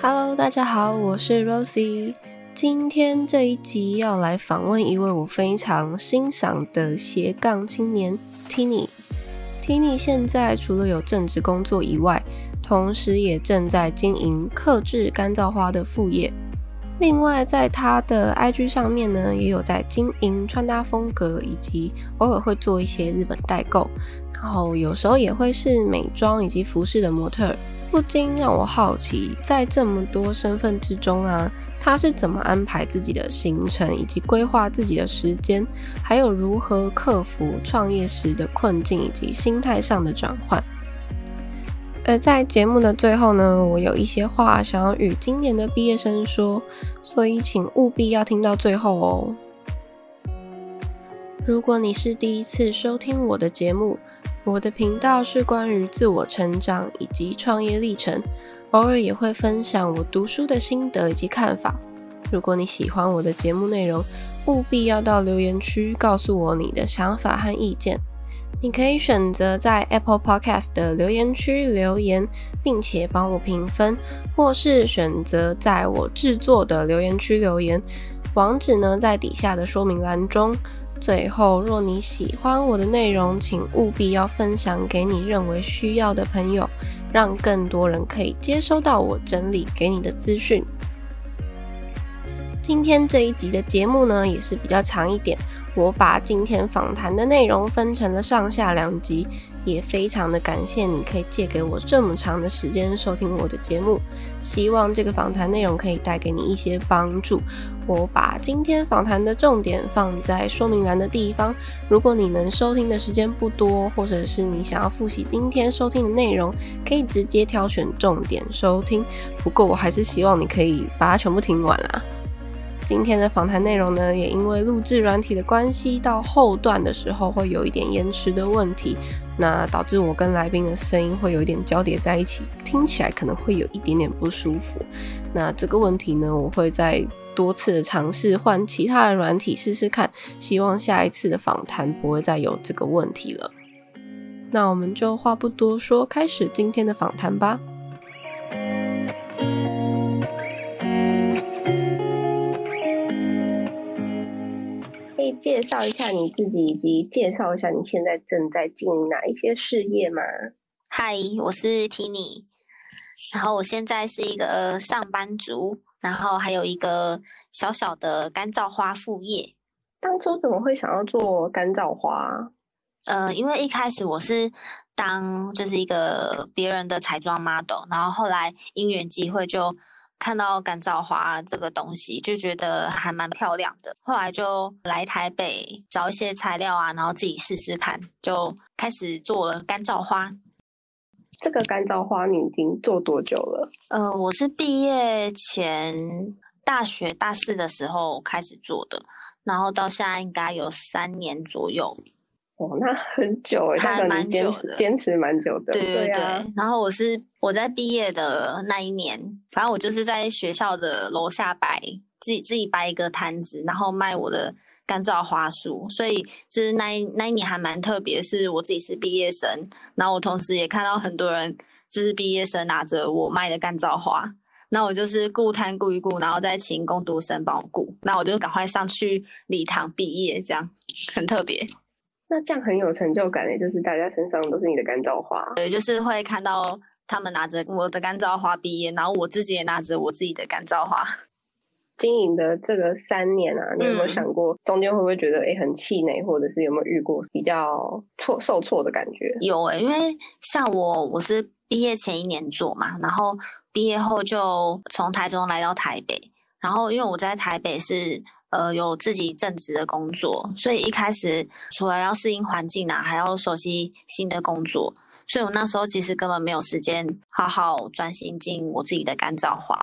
Hello，大家好，我是 Rosie。今天這一集要來訪問一位我非常欣賞的斜槓青年 Tinnie。Tinnie 現在除了有正職工作以外，同時也正在經營客製乾燥花的副業。另外，在他的 IG 上面呢，也有在經營穿搭風格，以及偶爾會做一些日本代購，然後有時候也會是美妝以及服飾的模特兒，不禁讓我好奇，在這麼多身份之中啊，他是怎麼安排自己的行程，以及規劃自己的時間，還有如何克服創業時的困境，以及心態上的轉換。而在節目的最後呢，我有一些話想要與今年的畢業生說，所以請務必要聽到最後哦。如果你是第一次收聽我的節目，我的頻道是關於自我成長以及創業歷程，偶爾也會分享我讀書的心得以及看法。如果你喜歡我的節目內容，務必要到留言區告訴我你的想法和意見。你可以選擇在 Apple Podcast 的留言區留言，並且幫我評分，或是選擇在我制作的留言區留言。網址呢，在底下的說明欄中。最後，若你喜歡我的內容，請務必要分享給你認為需要的朋友，讓更多人可以接收到我整理給你的資訊。今天這一集的節目呢，也是比較長一點。我把今天訪談的內容分成了上下兩集，也非常的感謝你可以借給我這麼長的時間收聽我的節目。希望這個訪談內容可以帶給你一些幫助。我把今天訪談的重點放在說明欄的地方。如果你能收聽的時間不多，或者是你想要複習今天收聽的內容，可以直接挑選重點收聽。不過，我還是希望你可以把它全部聽完啦啊。今天的訪談內容呢，也因為錄製軟體的關係，到後段的時候會有一點延遲的問題，那導致我跟來賓的聲音會有一點交疊在一起，聽起來可能會有一點點不舒服。那這個問題呢，我會再多次的嘗試換其他的軟體試試看，希望下一次的訪談不會再有這個問題了。那我們就話不多說，開始今天的訪談吧。可以介紹一下你自己，以及介紹一下你現在正在進行哪一些事業嗎？嗨，我是 Tinnie，然後我現在是一個上班族，然後還有一個小小的乾燥花副業。當初怎麼會想要做乾燥花？呃，因為一開始我是當就是一個別人的彩妝 model，然後後來因緣際會就。看到乾燥花這個東西，就覺得還蠻漂亮的，後來就來台北找一些材料啊，然後自己試試看，就開始做了乾燥花。這個乾燥花你已經做多久了？呃，我是畢業前大學大四的時候開始做的，然後到現在應該有三年左右。哦，那很久耶，還蠻久的，堅持蠻久、久的。對對對。對啊，然後我是我在畢業的那一年，反正我就是在學校的樓下擺自己自己擺一個攤子，然後賣我的乾燥花束。所以就是那一那一年還蠻特別，是我自己是畢業生，然後我同時也看到很多人就是畢業生拿着我賣的乾燥花，那我就是雇攤雇一雇，然後再請工讀生幫我雇，那我就趕快上去禮堂畢業，這樣很特別。那這樣很有成就感嘞，也就是大家身上都是你的乾燥花。對，就是會看到他們拿着我的乾燥花畢業，然後我自己也拿着我自己的乾燥花。經營的這個三年啊，你有沒有想過中間會不會覺得哎、欸、很氣餒，或者是有沒有遇過比較錯受挫的感覺？有哎、欸，因為像我我是畢業前一年做嘛，然後畢業後就從台中來到台北，然後因為我在台北是。呃，有自己正職的工作，所以一開始除了要適應環境啊，還要熟悉新的工作，所以我那時候其實根本沒有時間好好專心經營我自己的乾燥花，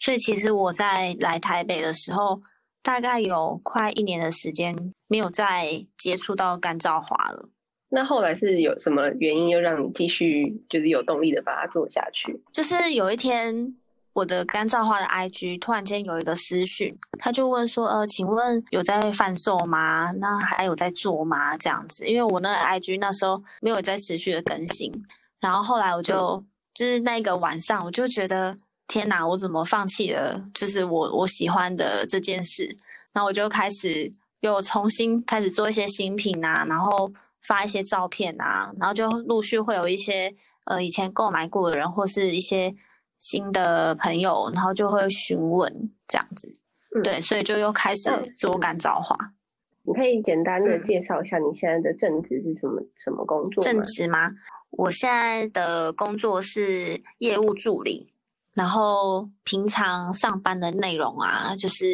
所以其實我在來台北的時候，大概有快一年的時間沒有再接觸到乾燥花了。那後來是有什麼原因又讓你繼續就是有動力的把它做下去？就是有一天。我的乾燥花的 IG 突然間有一個私訊，他就問說：“呃，請問有在販售嗎？那還有在做嗎？這樣子？”因為我那個 IG 那時候沒有在持續的更新，然後後來我就就是那個晚上，我就覺得，嗯，天哪，我怎麼放棄了？就是我我喜歡的這件事，然後我就開始又重新開始做一些新品啊，然後發一些照片啊，然後就陸續會有一些呃以前購買過的人或是一些新的朋友，然後就會詢問這樣子。嗯，對，所以就又開始做乾燥花。你可以簡單的介紹一下你現在的正職是什麼，嗯、什麼工作？正職嗎？我現在的工作是業務助理，然後平常上班的內容啊，就是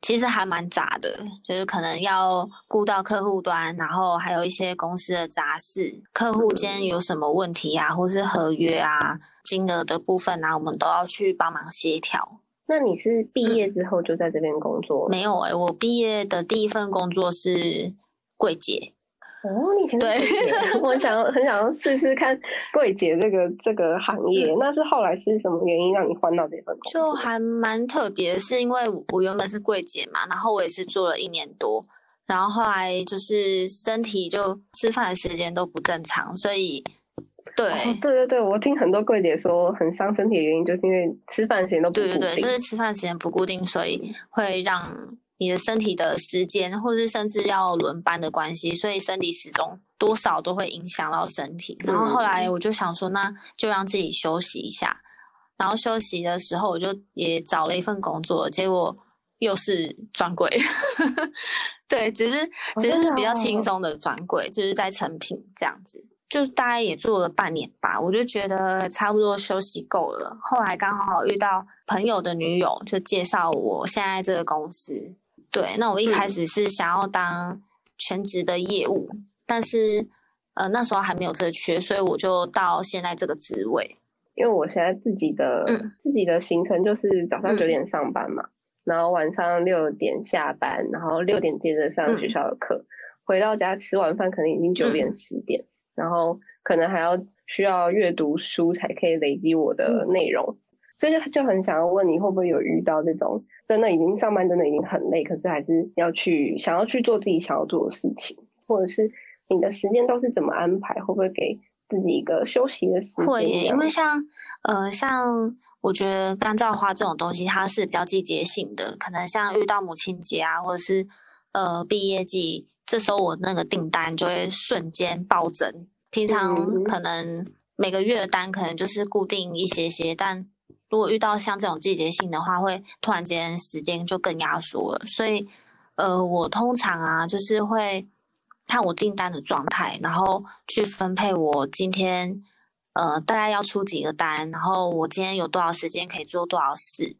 其實還蠻雜的，就是可能要顧到客戶端，然後還有一些公司的雜事，客戶間有什麼問題啊，嗯、或是合約啊。金額的部分啊，我們都要去幫忙協調。那你是畢業之後就在這邊工作？嗯、沒有哎、欸，我畢業的第一份工作是櫃姐。哦，你以前對 我很想很想要試試看櫃姐這個這個行業。那是後來是什麼原因讓你換到這份工作？就還蠻特別，是因為我原本是櫃姐嘛，然後我也是做了一年多，然後後來就是身體就吃飯的時間都不正常，所以。對、哦、對對對，我聽很多櫃姐說，很傷身體的原因就是因為吃飯時間都不固定，對對對，就是吃飯時間不固定，所以會讓你的身體的時間，或者是甚至要輪班的關係，所以身體時鐘多少都會影響到身體。然後後來我就想說，那就讓自己休息一下。然後休息的時候，我就也找了一份工作，結果又是專櫃， 對，只是只是比較輕鬆的專櫃，oh yeah. 就是在成品這樣子。就大概也做了半年吧，我就覺得差不多休息夠了。後來剛好遇到朋友的女友，就介紹我現在這個公司。對，那我一開始是想要當全職的業務，嗯、但是呃那時候還沒有這個缺，所以我就到現在這個職位。因為我現在自己的、嗯、自己的行程就是早上九點上班嘛，嗯、然後晚上六點下班，然後六點接着上學校的課、嗯，回到家吃完飯可能已經九點十點。嗯然後可能還要需要閱讀書才可以累積我的內容，所以就就很想要問你會不會有遇到那種真的已經上班，真的已經很累，可是還是要去想要去做自己想要做的事情，或者是你的時間都是怎麼安排？會不會給自己一個休息的時間？嗯。會，因為像呃像我覺得乾燥花這種東西，它是比較季節性的，可能像遇到母親節啊，或者是呃畢業季，這時候我那個訂單就會瞬間暴增。平常可能每個月的單可能就是固定一些些，嗯、但如果遇到像這種季節性的話，會突然間時間就更壓縮了。所以，呃，我通常啊，就是會看我訂單的狀態，然後去分配我今天，呃，大概要出幾個單，然後我今天有多少時間可以做多少事。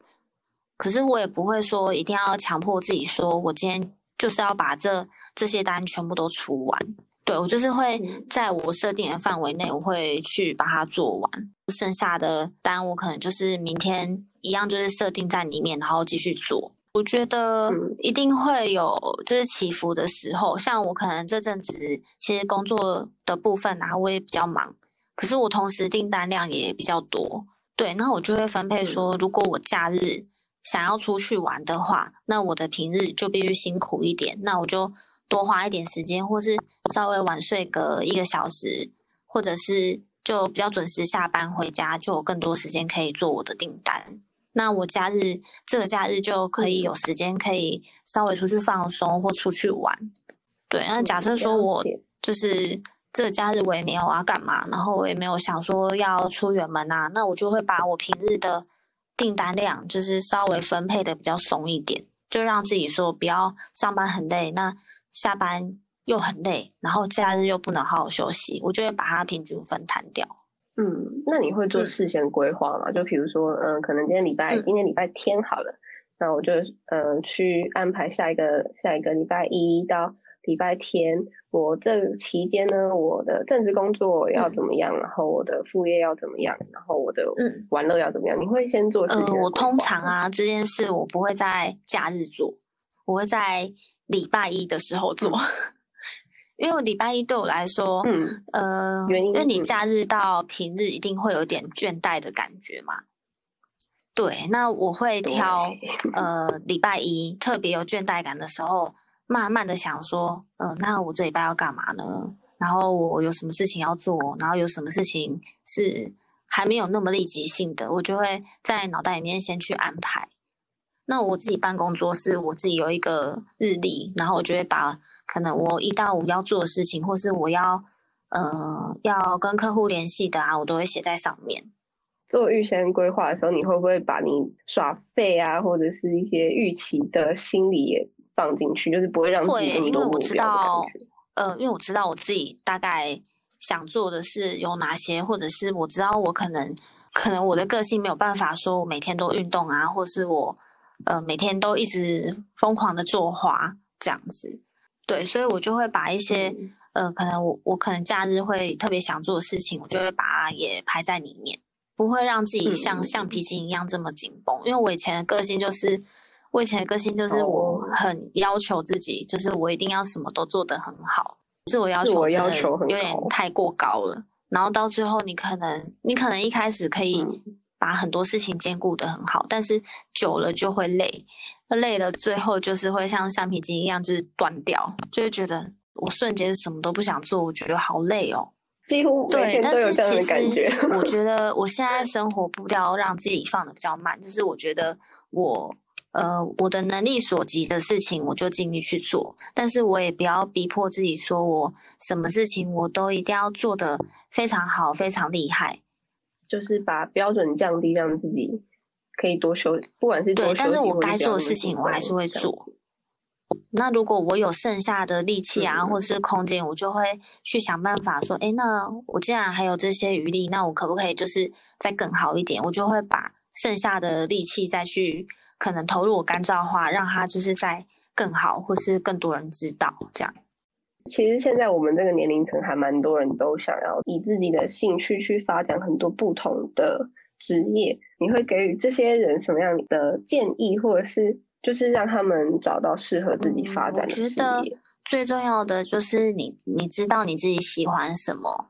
可是我也不會說一定要強迫自己說，我今天就是要把這這些單全部都出完。對，我就是會在我設定的範圍內，我會去把它做完。剩下的單我可能就是明天一樣，就是設定在裡面，然後繼續做。我覺得一定會有就是起伏的時候，像我可能這陣子其實工作的部分，然後我也比較忙，可是我同時訂單量也比較多。對，那我就會分配說，如果我假日想要出去玩的話，那我的平日就必須辛苦一點。那我就。多花一點時間，或是稍微晚睡個一個小時，或者是就比較準時下班回家，就有更多時間可以做我的訂單。那我假日這個假日就可以有時間，可以稍微出去放鬆或出去玩。對，那假設說我就是這個假日我也沒有啊幹嘛，然後我也沒有想說要出遠門啊，那我就會把我平日的訂單量就是稍微分配得比較鬆一點，就讓自己說不要上班很累那，下班又很累，然後假日又不能好好休息，我就會把它平均分攤掉。嗯，那你會做事先規劃嗎？嗯、就比如說，嗯、呃，可能今天禮拜、嗯、今天禮拜天好了，那我就嗯、呃、去安排下一個下一個禮拜一到禮拜天，我這期間呢，我的正職工作要怎麼樣、嗯，然後我的副業要怎麼樣，然後我的玩樂要怎麼樣？嗯、你會先做事先？呃，我通常啊，這件事我不會在假日做，我會在禮拜一的時候做， 因為禮拜一對我來說，嗯，呃，因為你假日到平日一定會有點倦怠的感覺嘛。對，那我會挑呃禮拜一特別有倦怠感的時候，慢慢的想說，嗯、呃，那我這禮拜要幹嘛呢？然後我有什麼事情要做，然後有什麼事情是還沒有那麼立即性的，我就會在腦袋裡面先去安排。那我自己辦公桌是我自己有一個日曆，然後我就會把可能我一到五要做的事情，或是我要呃要跟客戶聯繫的啊，我都會寫在上面。做預先規劃的時候，你會不會把你耍廢啊，或者是一些預期的心理也放進去，就是不會讓自己會，因為我知道，呃，因為我知道我自己大概想做的事有哪些，或者是我知道我可能可能我的個性沒有辦法說我每天都運動啊，或是我。呃，每天都一直瘋狂的做花這樣子，對，所以我就會把一些、嗯、呃，可能我我可能假日會特別想做的事情，我就會把它也排在裡面，不會讓自己像橡皮筋一樣這麼緊繃、嗯。因為我以前的個性就是，我以前的個性就是我很要求自己，就是我一定要什麼都做得很好，自我要求，自我要求有點太過高了。嗯、然後到最後，你可能你可能一開始可以。嗯把、啊、很多事情兼顧的很好，但是久了就會累，累了最後就是會像橡皮筋一樣就是斷掉，就是覺得我瞬間什麼都不想做，我覺得好累哦。幾乎對，但是其實我覺得我現在生活步調讓自己放的比較慢， 就是我覺得我呃我的能力所及的事情我就盡力去做，但是我也不要逼迫自己說，我什麼事情我都一定要做的非常好非常厲害。就是把標準降低，讓自己可以多修，不管是對，但是我該做的事情我還是會做。那如果我有剩下的力氣啊，或是空間、嗯，我就會去想辦法說，哎、欸，那我既然還有這些餘力，那我可不可以就是再更好一點？我就會把剩下的力氣再去可能投入我乾燥花，讓它就是在更好，或是更多人知道這樣。其實現在我們這個年齡層還蠻多人都想要以自己的興趣去發展很多不同的職業。你會給予這些人什麼樣的建議，或者是就是讓他們找到適合自己發展的事業？嗯，我覺得最重要的就是你你知道你自己喜歡什麼，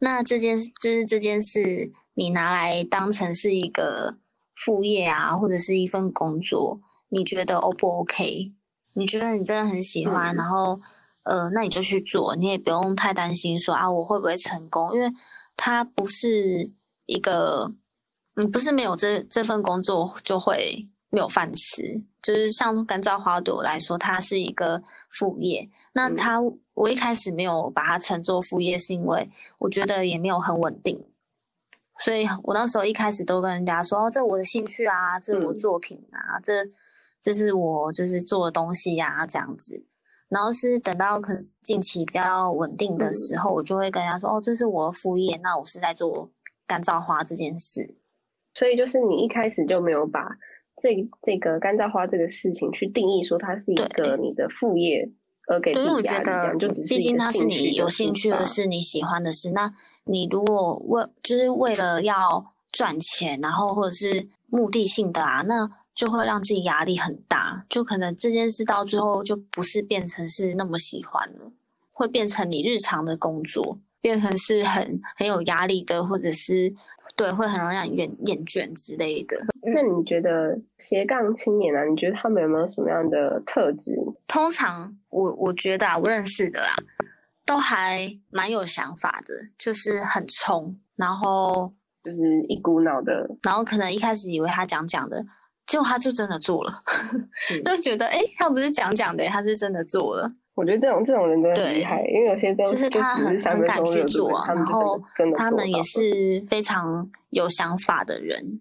那這件就是這件事，你拿來當成是一個副業啊，或者是一份工作，你覺得 O 不 OK？你覺得你真的很喜歡，嗯、然後。呃，那你就去做，你也不用太擔心說啊，我會不會成功？因為它不是一個，嗯，不是沒有這這份工作就會沒有飯吃。就是像乾燥花朵來說，它是一個副業。那它、嗯，我一開始沒有把它稱作副業行為，是因為我覺得也沒有很穩定。所以我那時候一開始都跟人家說，啊、這我的興趣啊，這是我作品啊，這、嗯、這是我就是做的東西呀、啊，這樣子。然後是等到可能近期比較穩定的時候，嗯，我就會跟人家說，哦，這是我的副業，那我是在做乾燥花這件事。所以就是你一開始就沒有把這這個乾燥花這個事情去定義說它是一個你的副業，而給別人，畢竟它是你有興趣的是你喜歡的事，嗯。那你如果為就是為了要賺錢，然後或者是目的性的啊，那。就會讓自己壓力很大，就可能這件事到最後就不是變成是那麼喜歡了，會變成你日常的工作，變成是很很有壓力的，或者是對會很容易讓你厭厭倦之類的。那你覺得斜槓青年啊？你覺得他們有沒有什麼樣的特質？通常我我覺得啊，我認識的啊，都還蠻有想法的，就是很衝，然後就是一股腦的，然後可能一開始以為他講講的。就他就真的做了，嗯、 就覺得哎、欸，他不是講講的，他是真的做了。我覺得這種這種人真的很厲害，因為有些都就是他很，是很敢去做，啊真的真的做，然後他們也是非常有想法的人，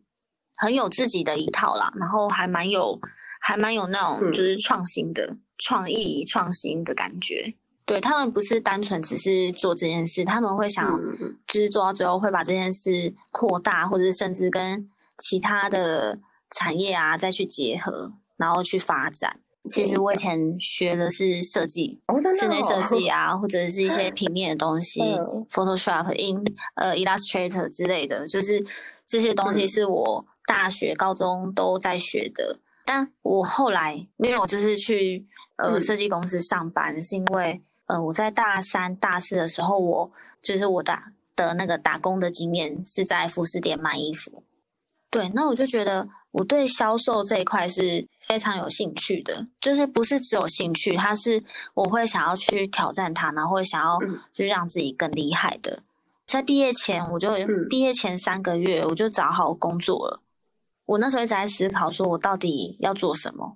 很有自己的一套啦，然後還蠻有還蠻有那種就是創新的創、嗯、意、創新的感覺。對，他們不是單純只是做這件事，他們會想、嗯、就是做到最後會把這件事擴大，或者是甚至跟其他的。產業啊，再去結合，然後去發展。其實我以前學的是設計，室內設計啊，或者是一些平面的東西、哦、，Photoshop、In 呃 Illustrator 之類的，就是這些東西是我大學、高中都在學的。但我後來沒有就是去呃設計公司上班，嗯、是因為呃我在大三、大四的時候，我就是我打的那個打工的經驗是在服飾店賣衣服。對，那我就覺得。我對銷售這一塊是非常有興趣的，就是不是只有興趣，它是我會想要去挑戰它，然後會想要就讓自己更厲害的。在畢業前，我就、嗯、畢業前三個月我就找好工作了。我那時候一直在思考，說我到底要做什麼，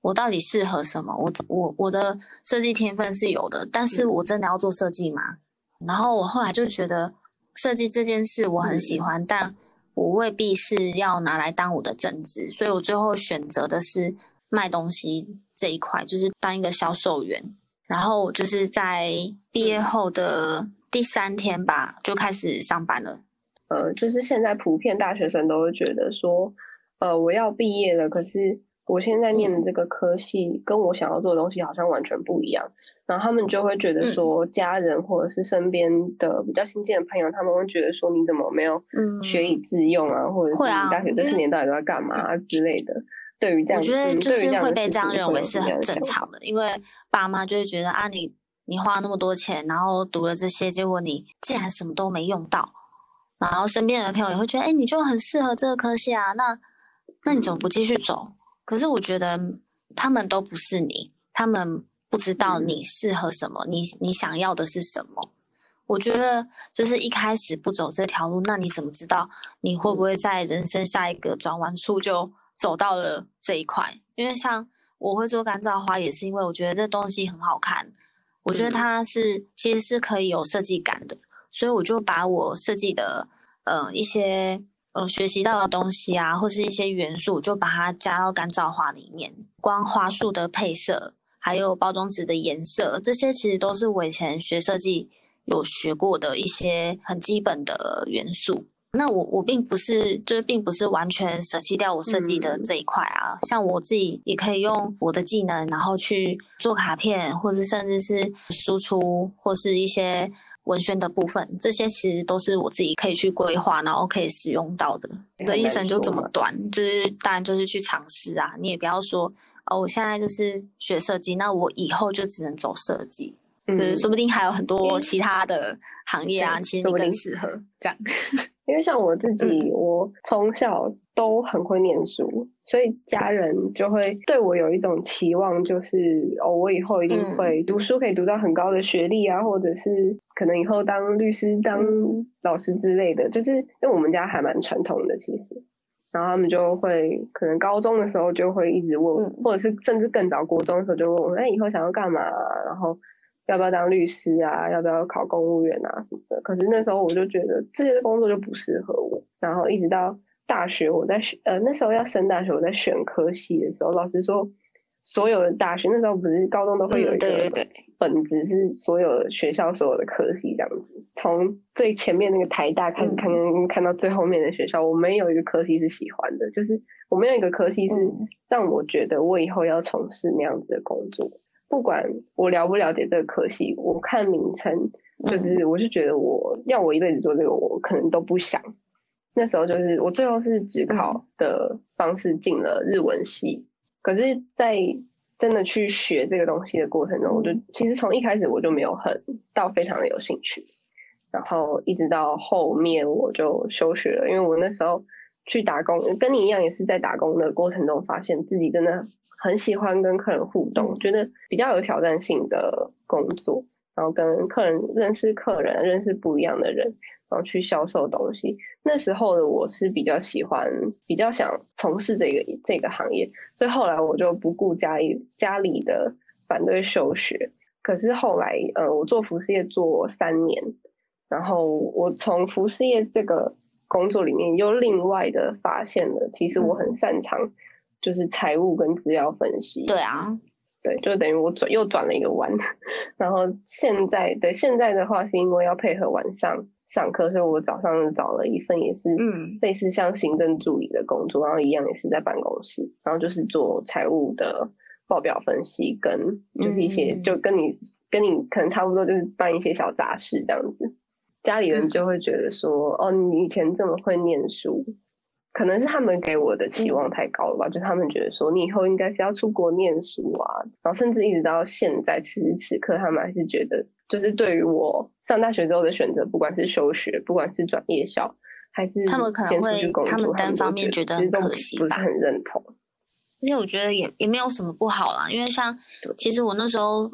我到底適合什麼？我我我的設計天分是有的，但是我真的要做設計嗎？嗯、然後我後來就覺得設計這件事我很喜歡，嗯、但。我未必是要拿來當我的正職，所以我最後選擇的是賣東西這一塊，就是當一個銷售員。然後就是在畢業後的第三天吧，就開始上班了。呃，就是現在普遍大學生都會覺得說，呃，我要畢業了，可是我現在念的這個科系，嗯、跟我想要做的東西好像完全不一樣，然後他們就會覺得說，家人或者是身邊的比較親近的朋友，嗯，他們會覺得說，你怎麼沒有學以致用啊？嗯、或者是你大學這四年到底都在幹嘛，啊、之類的。嗯、對於這樣子，我覺得就是會被這樣認為是很正常的，因為爸媽就會覺得啊，你你花那麼多錢，然後讀了這些，結果你竟然什麼都沒用到，然後身邊的朋友也會覺得，哎、欸，你就很適合這個科系啊，那那你怎麼不繼續走？嗯可是我覺得他們都不是你，他們不知道你適合什麼，嗯、你你想要的是什麼。我覺得就是一開始不走這條路，那你怎麼知道你會不會在人生下一個轉彎處就走到了這一塊？因為像我會做乾燥花，也是因為我覺得這東西很好看，我覺得它是、嗯、其實是可以有設計感的，所以我就把我設計的呃一些。呃學習到的東西啊，或是一些元素，就把它加到乾燥花裡面。光花束的配色，還有包裝紙的顏色，這些其實都是我以前學設計有學過的一些很基本的元素。那我我並不是，這並不是完全捨棄掉我設計的這一塊啊、嗯。像我自己也可以用我的技能，然後去做卡片，或是甚至是輸出，或是一些。文宣的部分，這些其實都是我自己可以去規劃，然後可以使用到的。你、嗯、的一生就這麼短，嗯、就是當然就是去嘗試啊。你也不要說，哦，我現在就是學設計，那我以後就只能走設計，嗯，就是、說不定還有很多其他的行業啊，嗯、其實你更適合這樣。因為像我自己，嗯、我從小都很會念書。所以家人就會對我有一種期望，就是哦，我以後一定會讀書，可以讀到很高的學歷啊，嗯，或者是可能以後當律師、當老師之類的。就是因為我們家還蠻傳統的，其實，然後他們就會可能高中的時候就會一直問，嗯，或者是甚至更早國中的時候就問我，哎、欸，以後想要幹嘛啊？然後要不要當律師啊？要不要考公務員啊？什麼的？可是那時候我就覺得這些工作就不適合我，然後一直到。大學我在選呃那時候要升大學，我在選科系的時候，老師說，所有的大學那時候，不是高中都會有一個本子，是所有學校所有的科系這樣子，從最前面那個台大開始看看看到最後面的學校。嗯，我沒有一個科系是喜歡的，就是我沒有一個科系是讓我覺得我以後要從事那樣子的工作，不管我了不了解這個科系，我看名稱就是我是覺得我要我一輩子做這個，我可能都不想。那時候就是我最後是指考的方式進了日文系，可是，在真的去學這個東西的過程中，我就其實從一開始我就沒有很到非常的有興趣，然後一直到後面我就休學了，因為我那時候去打工，跟你一樣也是在打工的過程中發現自己真的很喜歡跟客人互動，覺得比較有挑戰性的工作，然後跟客人認識客人，認識不一樣的人。然後去銷售東西，那時候的我是比較喜歡，比較想從事這個這個行業，所以後來我就不顧家裡家裡的反對休學。可是後來，呃，我做服飾業做三年，然後我從服飾業這個工作裡面又另外的發現了，其實我很擅長就是財務跟資料分析。對、嗯、啊，對，就等於我轉又轉了一個彎。然後現在對現在的話，是因為要配合晚上。上課，所以我早上找了一份也是，嗯，類似像行政助理的工作，嗯，然後一樣也是在辦公室，然後就是做財務的報表分析，跟就是一些嗯嗯就跟你跟你可能差不多，就是辦一些小雜事這樣子。家裡人就會覺得說，哦，你以前這麼會念書。可能是他們給我的期望太高了吧？嗯、就是、他們覺得說，你以後應該是要出國念書啊，然後甚至一直到現在此時此刻，他們還是覺得，就是對於我上大學之後的選擇，不管是休學，不管是轉夜校，還是他們可能會他們單方面覺得其實不是很認同。而且我覺得也也沒有什麼不好啦，因為像其實我那時候，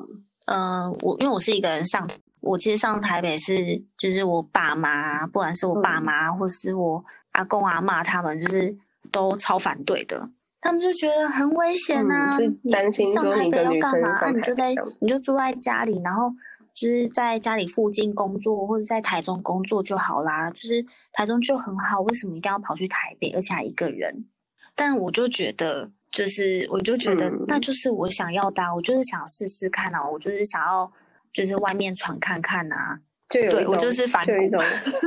嗯、呃，我因為我是一個人上，我其實上台北是就是我爸媽，不管是我爸媽、嗯、或是我，阿公阿媽他們就是都超反對的，他們就覺得很危險吶。你上台北要幹嘛？你就在你就住在家裡，然後就是在家裡附近工作，或者在台中工作就好啦。就是台中就很好，為什麼一定要跑去台北？而且還一個人。但我就覺得，就是我就覺得，那就是我想要的、啊。我就是想試試看啊，我就是想要就是外面闖看看吶、啊。對，我就是反骨，種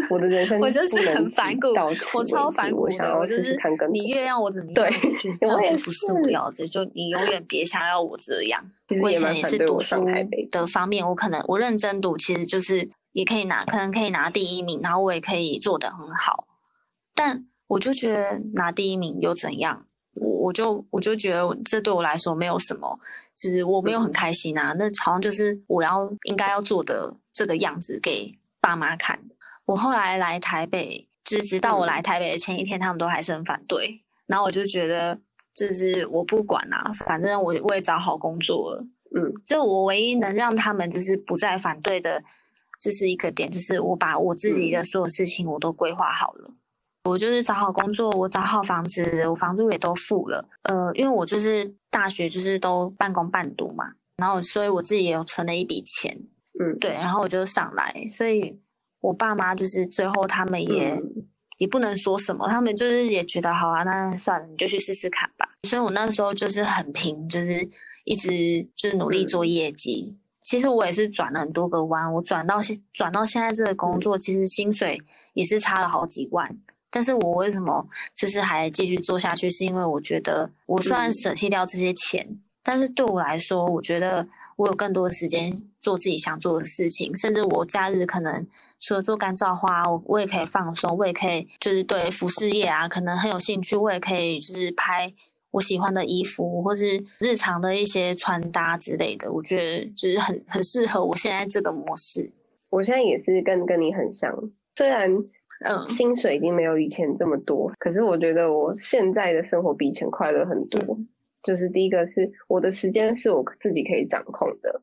我的人生我就是很反骨， 我超反骨的。我就是 你越讓我怎麼對，我也不是我要這 就你永遠別想要我這樣。我以前也是讀上台北書的方面，我可能我認真讀，其實就是也可以拿，可能可以拿第一名，然後我也可以做得很好。但我就覺得拿第一名又怎樣？我我就我就覺得這對我來說沒有什麼，只是我沒有很開心啊、嗯。那好像就是我要應該要做的。這個樣子給爸媽看。我後來來台北，就是直到我來台北的前一天，他們都還是很反對。然後我就覺得，就是我不管啊，反正我我也找好工作了。嗯，就我唯一能讓他們就是不再反對的，就是一個點，就是我把我自己的所有事情我都規劃好了。我就是找好工作，我找好房子，我房租也都付了。呃，因為我就是大學就是都半工半讀嘛，然後所以我自己也有存了一筆錢。嗯，對，然後我就上來，所以我爸媽就是最後他們也，嗯、也不能說什麼，他們就是也覺得好啊，那算了，你就去試試看吧。所以我那時候就是很拼，就是一直就努力做業績，嗯。其實我也是轉了很多個彎，我轉到現轉到現在這個工作，嗯，其實薪水也是差了好幾萬。但是我為什麼就是還繼續做下去，是因為我覺得我雖然捨棄掉這些錢，嗯，但是對我來說，我覺得。我有更多的時間做自己想做的事情，甚至我假日可能除了做乾燥花，我我也可以放鬆，我也可以就是對服飾業啊，可能很有興趣，我也可以就是拍我喜歡的衣服，或是日常的一些穿搭之類的。我覺得就是很很適合我現在這個模式。我現在也是跟跟你很像，雖然嗯薪水已經沒有以前這麼多，嗯，可是我覺得我現在的生活比以前快樂很多。就是第一個是我的時間是我自己可以掌控的，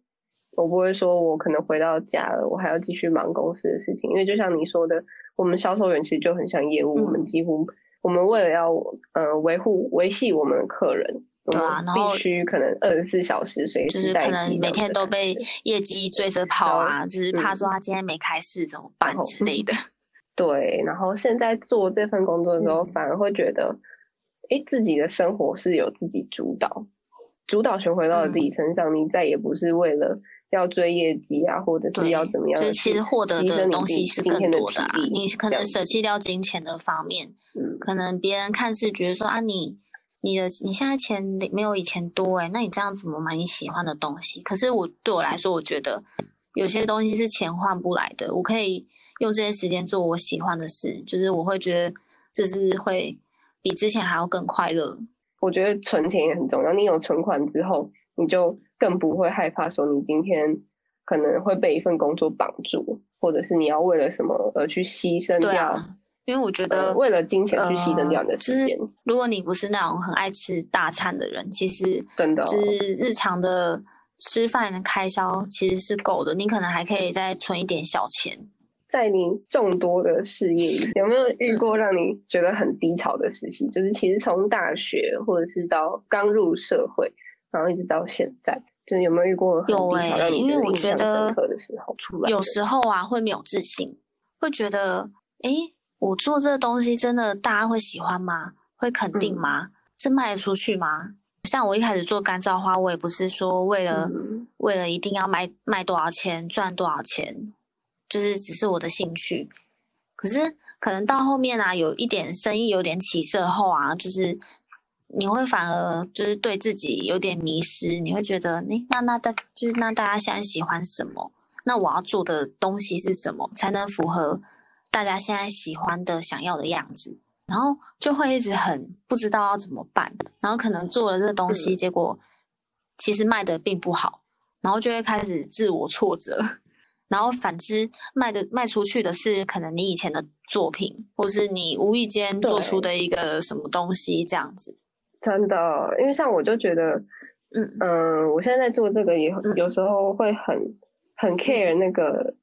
我不會說我可能回到家了，我還要繼續忙公司的事情，因為就像你說的，我們銷售員其實就很像業務，嗯、我們幾乎我們為了要呃維護維繫我們的客人，對啊，我們必須可能二十四小時隨時待命，就是可能每天都被業績追着跑啊、嗯，就是怕說他今天沒開市怎麼辦之類的、嗯。對，然後現在做這份工作的時候，反而會覺得。嗯欸、自己的生活是由自己主導，主導權回到了自己身上、嗯，你再也不是為了要追業績啊，或者是要怎麼樣、啊？就是、其實獲得的東西是更多的、啊、你可能捨棄掉金錢的方面，嗯、可能別人看似覺得說啊你，你你的你現在錢沒有以前多哎、欸，那你這樣怎麼買你喜歡的東西？可是我對我來說，我覺得有些東西是錢換不來的，我可以用這些時間做我喜歡的事，就是我會覺得這是會。比之前還要更快樂。我覺得存錢也很重要。你有存款之後，你就更不會害怕說你今天可能會被一份工作綁住，或者是你要為了什麼而去犧牲掉、啊。因為我覺得、呃、為了金錢去犧牲掉你的時間。呃就是、如果你不是那種很愛吃大餐的人，其實真的就是日常的吃飯的開銷其實是夠的。你可能還可以再存一點小錢。在你眾多的事業，有沒有遇過讓你覺得很低潮的事情？ 就是其實從大學，或者是到剛入社會，然後一直到現在，就是有沒有遇過很低潮的的？有哎、欸，因為我覺得有時候啊，會沒有自信，會覺得，哎、欸，我做這個東西真的大家會喜歡嗎？會肯定嗎？是、嗯、賣得出去嗎？像我一開始做乾燥花，我也不是說為了，嗯、為了一定要賣賣多少錢，賺多少錢。就是只是我的興趣，可是可能到後面啊，有一點生意有點起色後啊，就是你會反而就是對自己有點迷失，你會覺得、欸、那那大就是那大家現在喜歡什麼，那我要做的東西是什麼才能符合大家現在喜歡的、想要的樣子？然後就會一直很不知道要怎麼辦，然後可能做了這東西，嗯、結果其實賣得並不好，然後就會開始自我挫折。然後反之賣的賣出去的是可能你以前的作品，或是你無意間做出的一個什麼東西這樣子。真的，因為像我就覺得，嗯嗯，我現在在做這個也有時候會很很 care 那個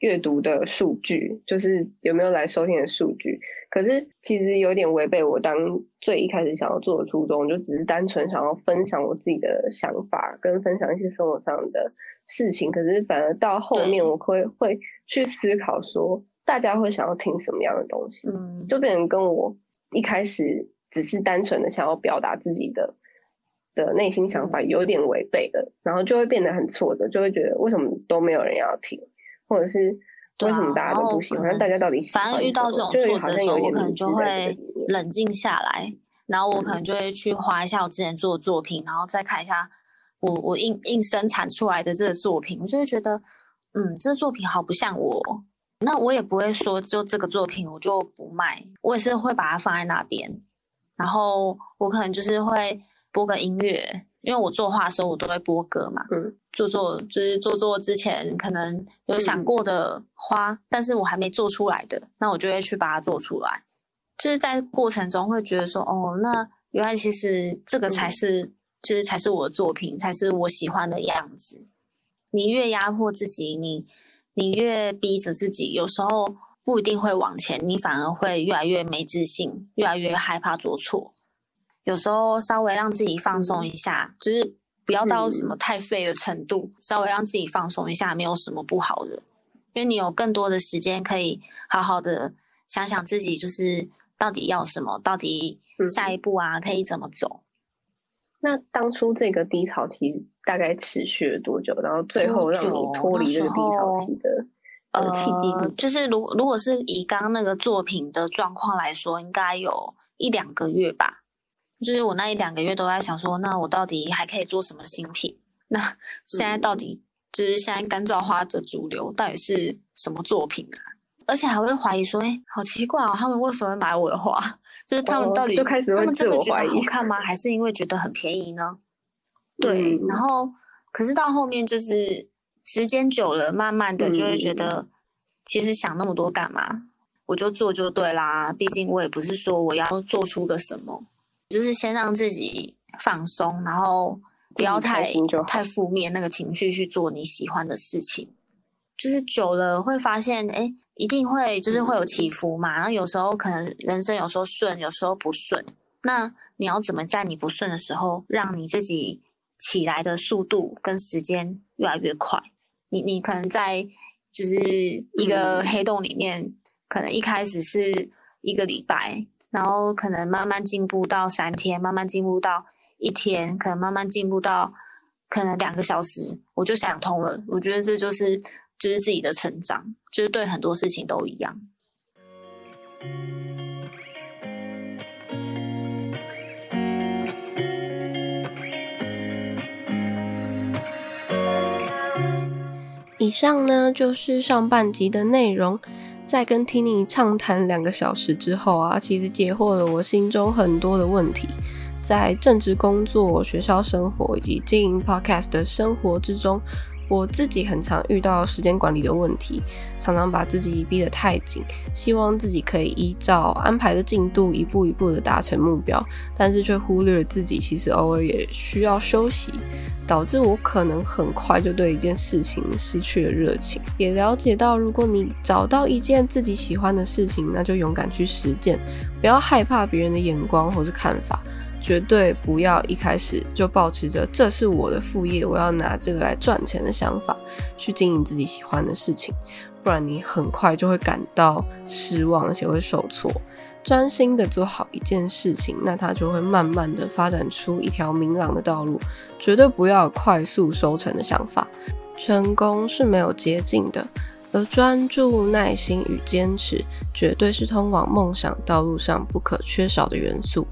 閱讀的數據，就是有沒有來收聽的數據。可是其實有點違背我當最一開始想要做的初衷，就只是單純想要分享我自己的想法，跟分享一些生活上的。事情，可是反而到後面，我會會去思考說，大家會想要聽什麼樣的東西，嗯、就變成跟我一開始只是單純的想要表達自己的的內心想法有點違背的、嗯，然後就會變得很挫折，就會覺得為什麼都沒有人要聽，或者是為什麼大家都不喜歡？啊、但大家到底喜歡？反而遇到這種就是好像有點我可能就會冷靜下來，然後我可能就會去滑一下我之前做的作品，嗯、然後再看一下，我我硬硬生產出來的這個作品，我就會覺得，嗯，這個作品好不像我。那我也不會說就這個作品我就不賣，我也是會把它放在那邊。然後我可能就是會播個音樂，因為我作畫的時候我都會播歌嘛。嗯。做做就是做做之前可能有想過的花、嗯，但是我還沒做出來的，那我就會去把它做出來。就是在過程中會覺得說，哦，那原來其實這個才是、嗯。就是才是我的作品，才是我喜歡的樣子。你越壓迫自己，你你越逼着自己，有時候不一定會往前，你反而會越來越沒自信，越來越害怕做錯。有時候稍微讓自己放鬆一下，就是不要到什麼太廢的程度、嗯，稍微讓自己放鬆一下，沒有什麼不好的，因為你有更多的時間可以好好的想想自己，就是到底要什麼，到底下一步啊、嗯、可以怎麼走。那當初這個低潮期大概持續了多久？然後最後讓你脫離這個低潮期的呃契機,機呃就是如果如果是以剛那個作品的狀況來說，應該有一兩個月吧。就是我那一兩個月都在想說，那我到底還可以做什麼新品？那現在到底、嗯、就是現在乾燥花的主流到底是什麼作品啊？而且還會懷疑說，哎，好奇怪哦，他們為什麼會買我的花？就是他們到底、哦，就開始問，他們真的覺得好看嗎？還是因為覺得很便宜呢？嗯、對。然後，可是到後面就是、嗯、時間久了，慢慢的就會覺得，嗯、其實想那麼多幹嘛？我就做就對啦。畢竟我也不是說我要做出個什麼，就是先讓自己放鬆，然後不要太太負面那個情緒去做你喜歡的事情。就是久了會發現，哎、欸。一定會就是會有起伏嘛，然後有時候可能人生有時候順，有時候不順。那你要怎麼在你不順的時候，讓你自己起來的速度跟時間越來越快？你你可能在就是一個黑洞裡面，嗯，可能一開始是一個禮拜，然後可能慢慢進步到三天，慢慢進步到一天，可能慢慢進步到可能兩個小時，我就想通了。我覺得這就是就是自己的成長。其實對很多事情都一樣。以上呢，就是上半集的內容。在跟 Tinnie 暢談兩個小時之後啊，其實解惑了我心中很多的問題，在正職工作、學校生活以及經營 Podcast 的生活之中，我自己很常遇到時間管理的問題，常常把自己逼得太緊，希望自己可以依照安排的進度一步一步地達成目標，但是卻忽略了自己其實偶爾也需要休息，導致我可能很快就對一件事情失去了熱情。也了解到，如果你找到一件自己喜歡的事情，那就勇敢去實踐，不要害怕別人的眼光或是看法。絕對不要一開始就抱持著這是我的副業，我要拿這個來賺錢的想法去經營自己喜歡的事情，不然你很快就會感到失望，而且會受挫。專心的做好一件事情，那它就會慢慢的發展出一條明朗的道路。絕對不要有快速收成的想法，成功是沒有捷徑的，而專注、耐心與堅持，絕對是通往夢想道路上不可缺少的元素。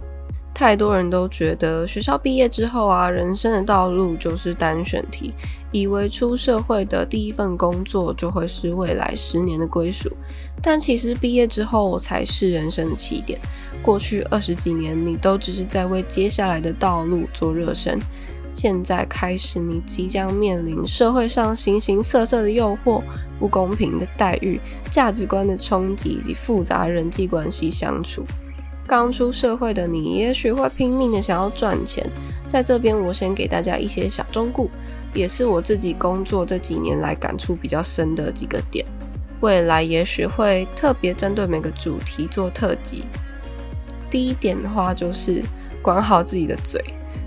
太多人都覺得學校畢業之後啊，人生的道路就是單選題，以為出社會的第一份工作就會是未來十年的歸屬。但其實畢業之後才是人生的起點，過去二十幾年你都只是在為接下來的道路做熱身，現在開始你即將面臨社會上形形色色的誘惑、不公平的待遇、價值觀的衝擊以及複雜人際關係相處。剛出社會的你，也許會拼命的想要賺錢。在這邊，我先給大家一些小忠告，也是我自己工作這幾年來感觸比較深的幾個點。未來也許會特別針對每個主題做特輯。第一點的話，就是管好自己的嘴。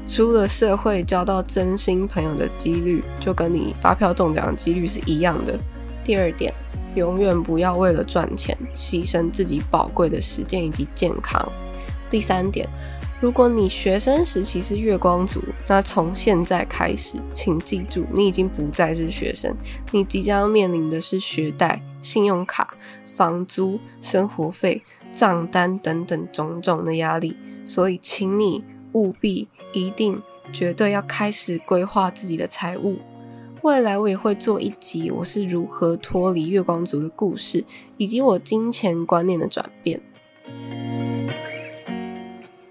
出了社會，交到真心朋友的幾率，就跟你發票中獎的幾率是一樣的。第二點。永遠不要為了賺錢犧牲自己寶貴的時間以及健康。第三點，如果你學生時期是月光族，那從現在開始，請記住，你已經不再是學生，你即將面臨的是學貸、信用卡、房租、生活費、賬單等等種種的壓力。所以，請你務必、一定、絕對要開始規劃自己的財務。未來我也會做一集我是如何脫離月光族的故事，以及我金錢觀念的轉變。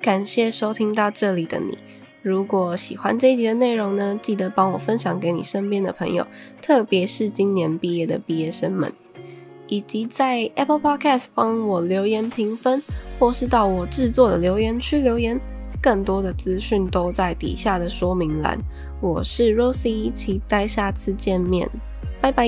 感謝收聽到這裡的你，如果喜歡這一集的內容呢，記得幫我分享給你身邊的朋友，特別是今年畢業的畢業生們，以及在 Apple Podcast 幫我留言評分，或是到我制作的留言區留言。更多的資訊都在底下的說明欄。我是 Rosie，期待下次見面，拜拜。